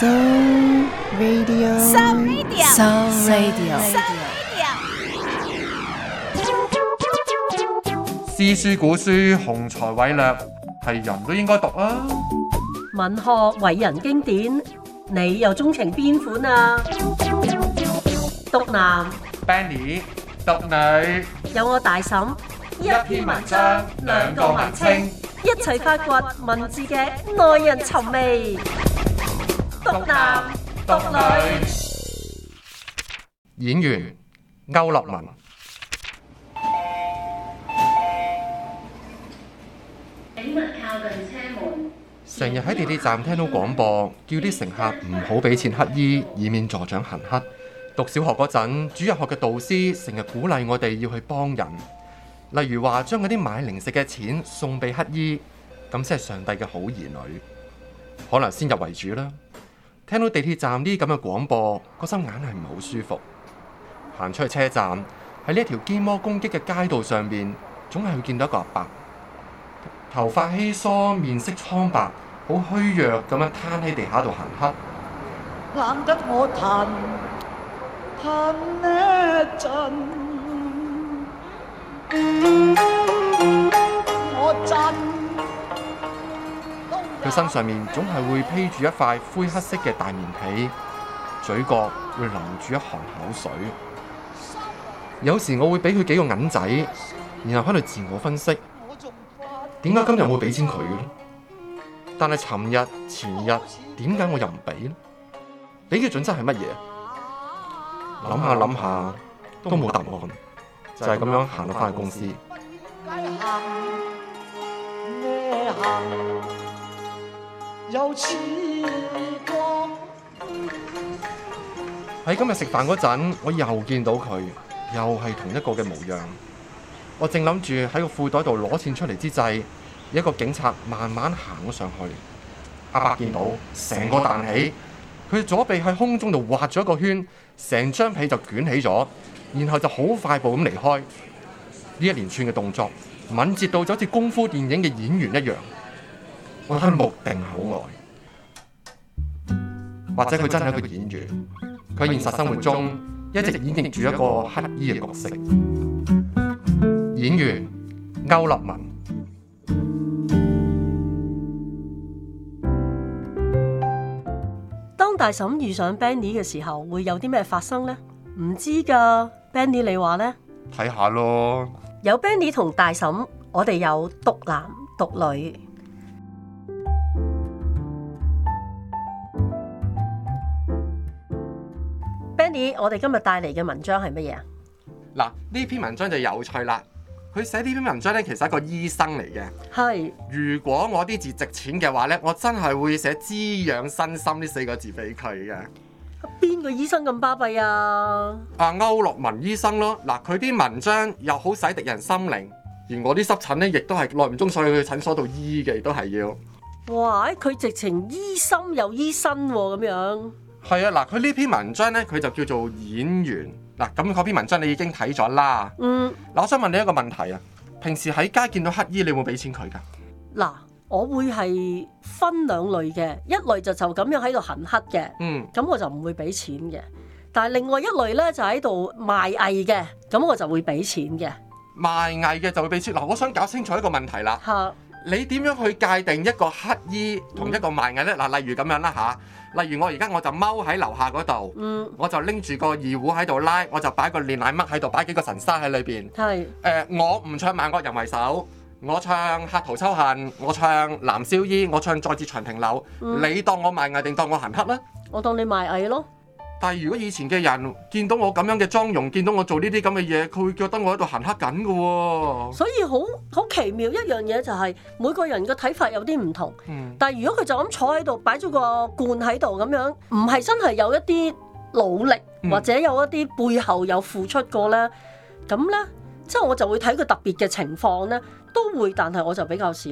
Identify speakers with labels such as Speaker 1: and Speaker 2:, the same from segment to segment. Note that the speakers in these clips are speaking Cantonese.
Speaker 1: So radio, so radio, so radio, so radio, o、so, radio.
Speaker 2: 詩、so, so, so , so. 書古書，雄才偉略，係人都應該讀啊！
Speaker 1: 文學偉人經典，你又鍾情邊款啊？讀男
Speaker 2: Benny，讀女
Speaker 1: 有我大嬸。一篇文章，
Speaker 2: 兩個文青，
Speaker 1: 文一齊發掘文字嘅耐人尋味。獨男獨女，
Speaker 2: 演員歐立文。請
Speaker 1: 勿靠近車門。
Speaker 2: 成日喺地鐵站聽到廣播，叫啲乘客唔好俾錢乞衣，以免助長行乞。讀小學嗰陣，主日學嘅導師成日鼓勵我哋要去幫人，例如話將嗰啲買零食嘅錢送俾乞衣，咁先係上帝嘅好兒女。可能先入為主啦。聽到地鐵站呢啲咁嘅廣播，個心眼係唔好舒服。行出去車站，喺呢一條黐魔攻擊嘅街道上面，總係會見到一個阿伯，伯，頭髮稀疏，面色蒼白，好虛弱咁樣攤喺地下度行乞。
Speaker 1: 攬得我嘆
Speaker 2: 佢身上面總係會披住一塊灰黑色嘅大棉被，嘴角會流住一行口水。有時我會俾佢幾個銀仔，然後喺度自我分析：點解今日會俾錢佢嘅？但係尋日、前日，點解我又唔俾咧？俾嘅準則係乜嘢？諗下諗下都冇答案，答案就係咁樣行到翻去公司。
Speaker 1: 啊啊啊啊有似光。
Speaker 2: 喺今日食飯嗰陣，我又見到佢，又係同一個嘅模樣。我正諗住喺個褲袋度攞錢出嚟之際，一個警察慢慢行咗上去。阿伯見到，成個彈起，佢左臂喺空中度畫咗一個圈，成張被就捲起咗，然後就好快步咁離開。呢一連串嘅動作，敏捷到就好似功夫電影嘅演員一樣。我係目定口呆，或者佢真係一個演員，佢現實生活中一直演繹住一個乞衣嘅角色。演員歐立文，
Speaker 1: 當大嬸遇上 Benny 嘅時候，會有啲咩發生呢？唔知噶，Benny 你話呢？
Speaker 2: 睇下咯。
Speaker 1: 有 Benny 同大嬸，我哋有毒男毒女。我哋今日帶嚟嘅文章係乜嘢啊？
Speaker 2: 嗱，呢篇文章就有趣啦。佢寫呢篇文章呢，其實係一個醫生嚟嘅。係，如果我啲字值錢嘅話呢，我真係會寫滋養身心呢四個字俾佢嘅。
Speaker 1: 邊個醫生咁巴閉啊？
Speaker 2: 阿歐樂文醫生咯。嗱，佢啲文章又好洗滌人心靈，而我啲濕疹呢，亦都係耐唔中所以去佢診所度醫嘅，都係要。
Speaker 1: 哇！佢直情醫心又醫身咁樣。
Speaker 2: 係啊，嗱，佢呢篇文章咧，佢就叫做演員。嗱，咁嗰篇文章你已經睇咗啦。嗯。嗱，我想問你一個問題啊，平時喺街見到乞兒，你會唔會俾錢佢㗎？
Speaker 1: 嗱，我會係分兩類嘅，一類就就咁樣喺度行乞嘅，嗯，咁我就唔會俾錢嘅。但係另外一類咧就喺度賣藝嘅，咁我就會俾錢嘅。
Speaker 2: 賣藝嘅就會俾錢。嗱，我想搞清楚一個問題啦。嚇。你點樣去界定一個乞衣同一個賣藝呢？嗱、嗯，例如咁樣啦嚇，例如我而家我就踎喺樓下嗰度，嗯、我就拎住個二胡喺度拉，我就擺個煉奶乜喺度，擺幾個神沙喺裏邊。係是、呃、我唔唱萬國人為首，我唱客途秋恨，我唱男燒衣，我唱再折長亭柳。嗯、你當我賣藝定當我行乞呢？
Speaker 1: 我當你賣藝咯。
Speaker 2: 但係如果以前嘅人見到我咁樣嘅妝容，見到我做呢啲咁嘅嘢，佢會覺得我喺度行黑緊㗎喎。所
Speaker 1: 以好好奇妙一樣嘢就係每個人嘅睇法有啲唔同。嗯、但係如果佢就咁坐喺度擺咗個罐喺度咁樣，唔係真係有一啲努力或者有一啲背後有付出過呢。咁、嗯、呢，即、就、係、是、我就會睇佢特別嘅情況呢，都會，但係我就比較少。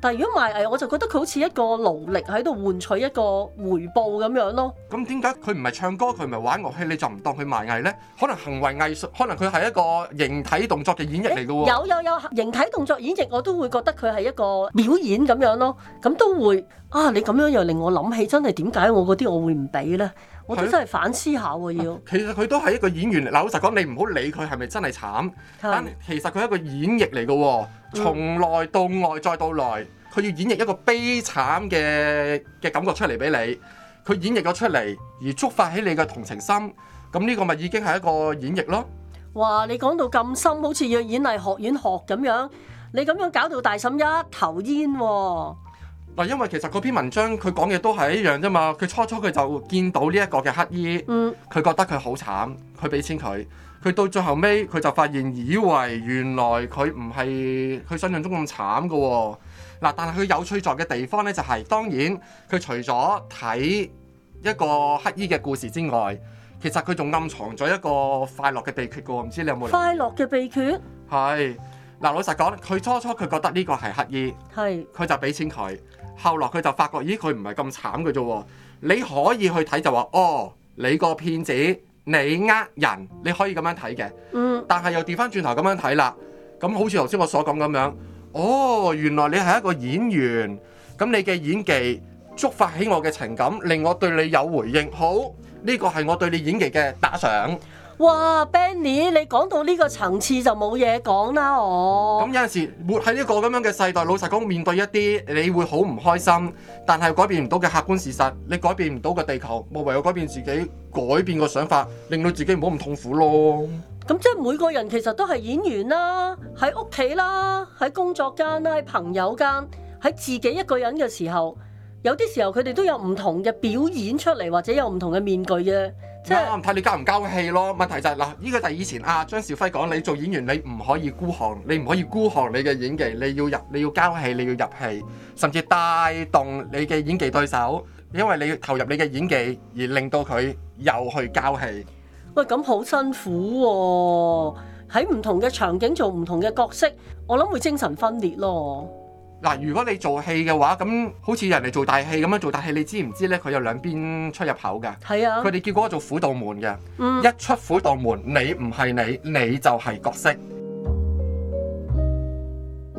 Speaker 1: 但係如果賣藝，我就覺得佢好似一個勞力喺度換取一個回報咁樣咯。
Speaker 2: 咁點解佢唔係唱歌，佢唔係玩樂器，你就唔當佢賣藝呢？可能行
Speaker 1: 為藝術，可能佢係一個形體動作嘅演繹嚟嘅喎。有有有形體動作演繹，我都會覺得佢係一個表演咁樣咯。咁都會啊！你咁樣又令我諗起，真係點解我嗰啲我會唔俾呢？我真係反思下喎，要。
Speaker 2: 其實佢都係一個演員，嗱，老實講，你唔好理佢係咪真係慘，但其實佢係一個演繹嚟嘅，從內到外再到來，佢要演繹一個悲慘嘅嘅感覺出嚟俾你，佢演繹咗出嚟而觸發起你嘅同情心，咁呢個咪已經係一個演繹咯。
Speaker 1: 哇！你講到咁深，好似要演藝學院學咁樣，你咁樣搞到大嬸一頭煙喎。
Speaker 2: 嗱，因為其實嗰篇文章佢講嘅都係一樣啫嘛。佢初初佢就見到呢一個嘅乞兒，佢、嗯、覺得佢好慘，佢俾錢佢。佢到最後尾，佢就發現以為原來佢唔係佢想像中咁慘㗎。嗱，但係佢有趣在嘅地方呢，就係，就係當然佢除咗睇一個乞兒嘅故事之外，其實佢仲暗藏咗一個快樂嘅秘訣㗎喎。唔知你有冇睇？快
Speaker 1: 樂嘅秘訣？
Speaker 2: 係嗱，老實講，佢初初佢覺得呢個係乞兒，係佢是就俾錢佢。後來佢就發覺，咦，佢唔係咁慘嘅啫喎，你可以去睇就話，哦，你個騙子，你呃人，你可以咁樣睇嘅。嗯，但係又掉翻轉頭咁樣睇啦，咁好似頭先我所講咁樣，哦，原來你係一個演員，咁你嘅演技觸發起我嘅情感，令我對你有回應，好，呢個係我對你演技嘅打賞。
Speaker 1: 哇，Benny，你講到呢個層次就冇嘢講啦，我、哦、咁有
Speaker 2: 陣時活喺呢個咁樣嘅世代，老實講面對一啲你會好唔開心，但係改變唔到嘅客觀事實，你改變唔到嘅地球，冇唯有改變自己，改變個想法，令到自己唔好咁痛苦咯。
Speaker 1: 咁即係每個人其實都係演員啦，喺屋企啦，喺工作間啦，喺朋友間，喺自己一個人嘅時候，有啲時候佢哋都有唔同嘅表演出嚟，或者有唔同嘅面具嘅。即係我唔睇你交唔交戲咯，問題就係、是、嗱，依
Speaker 2: 個就係以前阿張兆輝講，你做演員你唔可以孤寒，你唔可以孤寒你嘅演技，你要入你要交戲，你要入戲，甚至帶動你嘅演技對手，因為你要投入你嘅演技而令到佢又去交戲。
Speaker 1: 喂，咁好辛苦喎、哦！喺唔同嘅場景做唔同嘅角色，我諗會精神分裂咯。
Speaker 2: 嗱，如果你做戲嘅話，咁好似人哋做大戲咁樣做大戲，你知唔知呢？佢有兩邊出入口噶，係啊，佢哋叫嗰個做虎度門嘅，嗯、一出虎度門，你唔係你，你就係角色。嗯、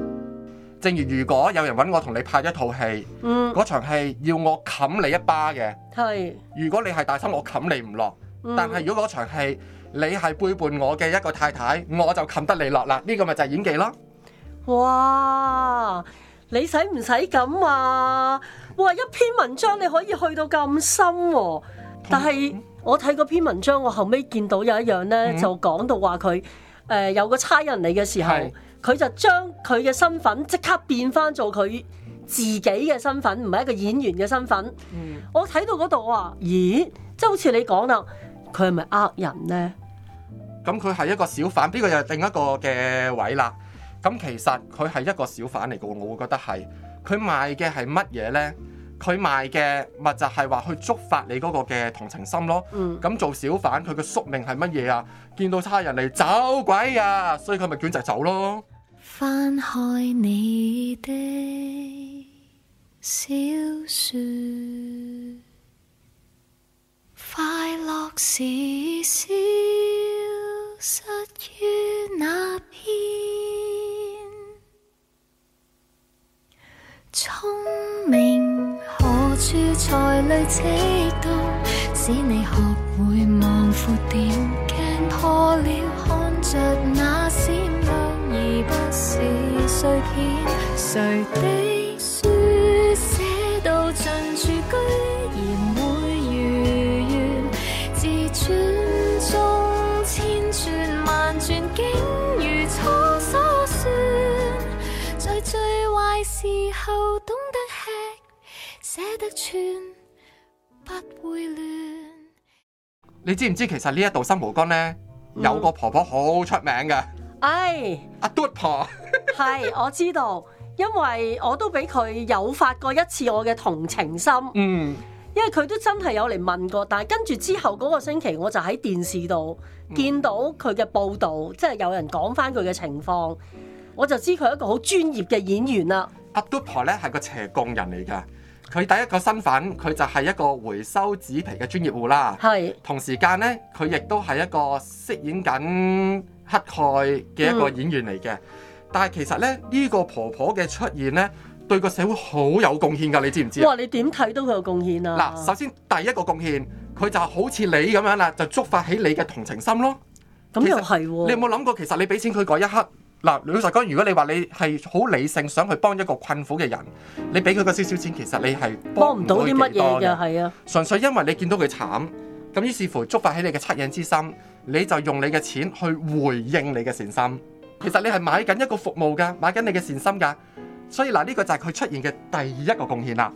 Speaker 2: 正如如果有人揾我同你拍一套戲，嗯，嗰場戲要我冚你一巴嘅，係是，如果你係大生，我冚你唔落，嗯、但係如果嗰場戲你係背叛我嘅一個太太，我就冚得你落。嗱，呢個咪就係演技咯。
Speaker 1: 哇！你使唔使咁啊？哇！一篇文章你可以去到咁深喎，啊，但係我睇嗰篇文章，我後尾見到有一樣呢，就講到話佢誒有個差人嚟嘅時候，佢是就將佢嘅身份即刻變返做佢自己嘅身份，唔係一個演員嘅身份。嗯、我睇到嗰度啊，咦？即係好似你講啦，佢係咪呃人呢？」
Speaker 2: 咁佢係一個小販，邊個又係另一個嘅位啦？咁其實佢係一個小販嚟嘅，我會覺得係佢賣嘅係乜嘢呢？佢賣嘅咪就係話去觸發你嗰個嘅同情心咯。咁做小販佢嘅宿命係乜嘢啊？見到差人嚟走鬼啊！所以佢咪捲就走咯。
Speaker 1: 翻開你的小説，快樂時消失。才累積到，使你學會望闊點。鏡破了，看着那閃亮，而不是碎片。誰的書寫到盡處，居然會如願？自轉中，千轉萬轉，竟如初所算。在最壞時候。穿不會
Speaker 2: 亂，你知唔知，其實呢一度新毛根呢，有個婆婆好出名嘅。嗯啊、
Speaker 1: 哎，阿嘟德婆係 我知道，因為我都俾佢誘發過一次我嘅同情心。嗯，因為佢都真係有嚟問過，但係跟住之後嗰個星期我就喺電視度見到佢嘅報道，嗯、即係有人講翻佢嘅情況，我就知佢係一個好專業嘅演員啦。
Speaker 2: 黑嘟婆咧係個斜槓人嚟㗎，佢第一個身份佢就係一個回收紙皮嘅專業戶啦。係是，同時間咧佢亦都係一個飾演緊乞丐嘅一個演員嚟嘅。嗯、但係其實咧呢、這個婆婆嘅出現咧對個社會好有貢獻㗎，你知唔知啊？哇！
Speaker 1: 你點睇都佢有貢獻啊？嗱，首
Speaker 2: 先第一個貢獻，佢就好似你咁樣啦，就觸發起你嘅同情心咯。咁又係喎？實是你有冇諗過其實你俾錢佢嗰一刻？嗱，老實講，如果你話你係好理性，想去幫一個困苦嘅人，你俾佢個少少錢，其實你係幫唔到啲乜嘢嘅，係啊，純粹因為你見到佢慘，咁於是乎觸發起你嘅惻隱之心，你就用你嘅錢去回應你嘅善心，其實你係買緊一個服務噶，買緊你嘅善心噶，所以嗱呢個就係佢出現嘅第一個貢獻啦。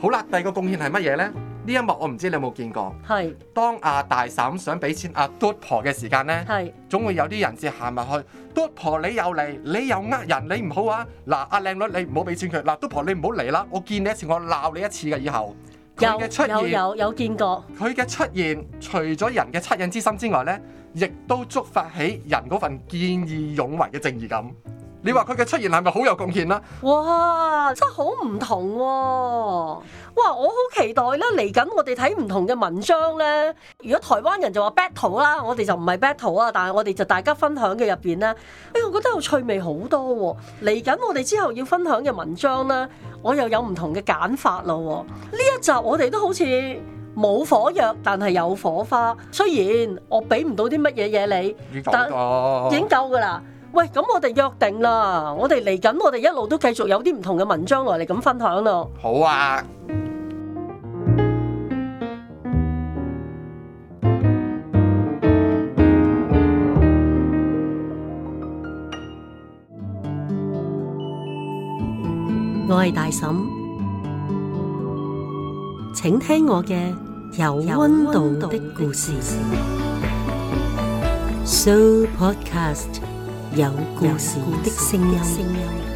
Speaker 2: 好啦，第二個貢獻係乜嘢呢？呢一幕我唔知你有冇見過？係是，當阿大嬸想俾錢阿篤，啊、婆嘅時間呢，係是總會有啲人至行入去。篤婆你又嚟，你又呃人，你唔好啊！嗱，啊，阿靚女你唔好俾錢佢。嗱，篤婆你唔好嚟啦，我見你一次我鬧你一次嘅，以後。出現有有有有見過。佢嘅出現，除咗人嘅惻隱之心之外呢，亦都觸發起人嗰份見義勇為嘅正義感。你話佢嘅出現係咪好有貢獻啦、
Speaker 1: 啊？哇，真係好唔同喎、啊！哇，我好期待咧，嚟緊我哋睇唔同嘅文章咧。如果台灣人就話 battle 啦，我哋就唔係 battle 啊，但係我哋就大家分享嘅入邊咧，哎，我覺得好趣味好多喎、啊！嚟緊我哋之後要分享嘅文章咧，我又有唔同嘅揀法啦。呢一集我哋都好似冇火藥，但係有火花。雖然我俾唔到啲乜嘢嘢你，得，但已經夠噶啦。喂，咁我哋約定啦，我哋嚟緊，我哋一路都繼續有啲唔同嘅文章嚟嚟咁分享咯。好啊，我係大嬸，請聽我嘅有溫度的故事 Show Podcast。有故事，有故事的聲音。